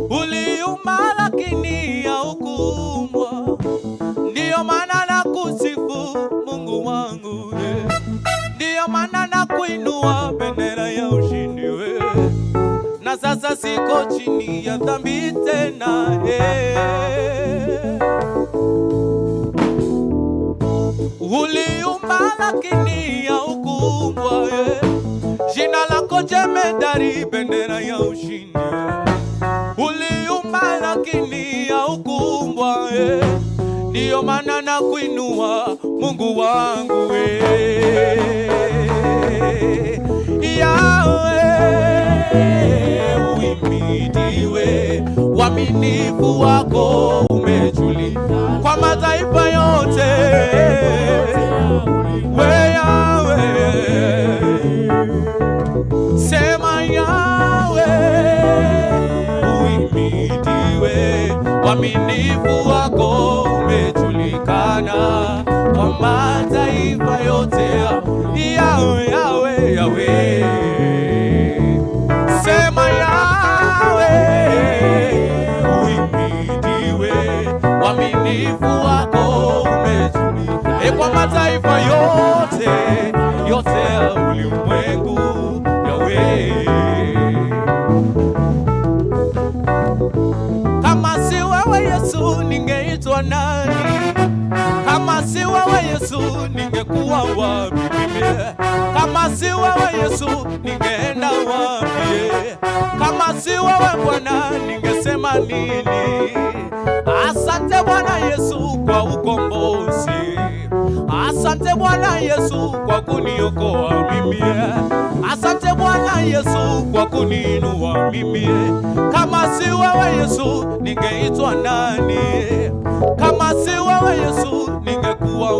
Uliumba lakini haukuumbwa, ndiyo maana Mungu wangu, ndiyo maana nakuinua bendera ya ushindi na sasa siko chini ya dhambi tena Uliumba lakini haukuumbwa, Jina lako jemedari, bendera ya ushindi umeumbwa eh. Ndiyo maana na kuinua Mungu wangu eh. Yawe uimidiwe, waminifu wako umejulikana kwa mataifa yote eh. we Yawe, eh. sema ya uaminifu wako umejulikana kwa mataifa yote. Yawe, yawe, yawe, sema yawe, uimidiwe uaminifu wako umejulikana kwa mataifa yote. kuuawa mimi. Kama si wewe Yesu, ningeenda wapi? Kama si wewe Bwana, ningesema nini? Asante Bwana Yesu kwa ukombozi, asante Bwana Yesu kwa kuniokoa mimi, asante Bwana Yesu kwa kuniinua mimi. Kama si wewe Yesu, ningeitwa nani? Kama si wewe Yesu, ningekuwa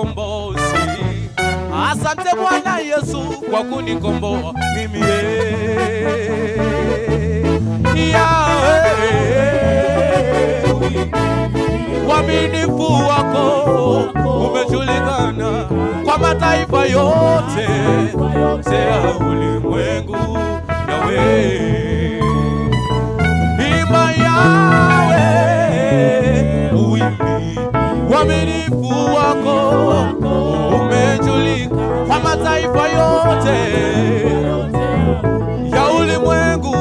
unikombozi. Asante Bwana Yesu kwa kunikomboa mimi eh, uaminifu wako umejulikana kwa mataifa yote ya ulimwengu, Yawe mataifa yote ya ulimwengu.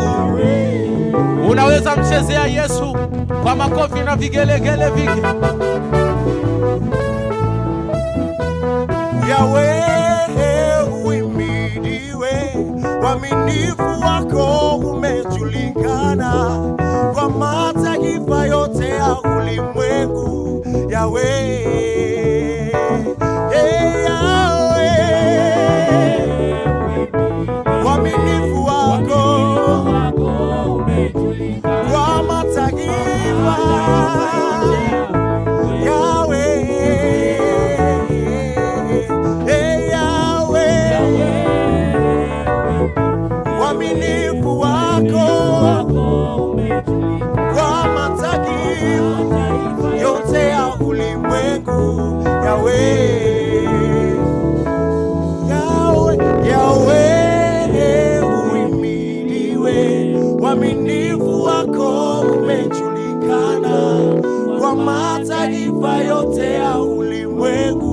Unaweza mchezea Yesu kwa makofi na vigelegele vingi. Yawe uimidiwe, waminifu wako umejulikana kwa mataifa yote ya ulimwengu. Yawe Uaminifu wako umejulikana kwa mataifa yote ya ulimwengu.